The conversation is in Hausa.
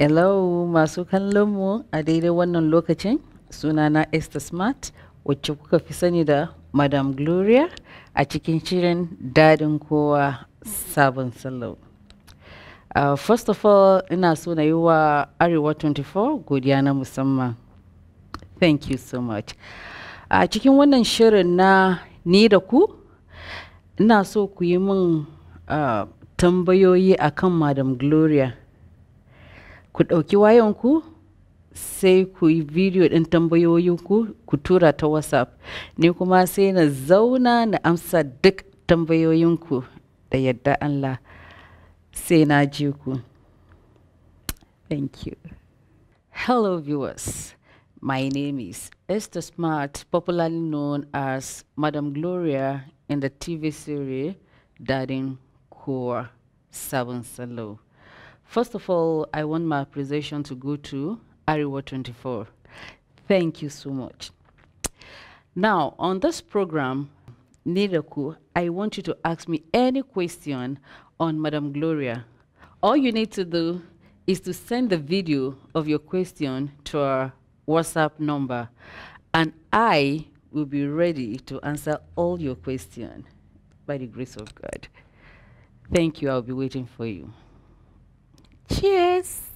Hello masu kallon mu a daidai wannan lokacin sunana Esther Smart wacce kuka fi sani da Madam Gloria a cikin shirin dadin kowa sabon salo. Uh, first of all ina so na yi wa Arewa 24 godiya na musamman. Thank you so much. A cikin wannan shirin na ni da ku ina so ku yi min uh, tambayoyi akan Madam Gloria. ku ɗauki sai ku yi ɗin tambayoyinku ku tura ta whatsapp ni kuma sai na zauna na amsa duk tambayoyinku da yadda allah sai na ji ku thank you hello viewers my name is esther smart popularly known as madam gloria in the tv series darin Core*. Seven salo First of all, I want my appreciation to go to Ariwa24. Thank you so much. Now, on this program, Nidaku, I want you to ask me any question on Madam Gloria. All you need to do is to send the video of your question to our WhatsApp number, and I will be ready to answer all your questions by the grace of God. Thank you. I'll be waiting for you. Cheers!